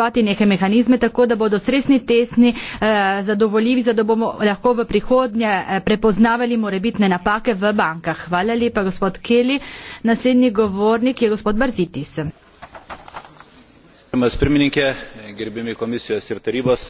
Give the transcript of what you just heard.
oblikovati neke mehanizme, tako da bodo stresni testni eh, zadovoljivi, zato bomo lahko v prihodnje eh, prepoznavali morebitne napake v bankah. Hvala lepa, gospod Keli. Naslednji govornik je gospod Barzitis.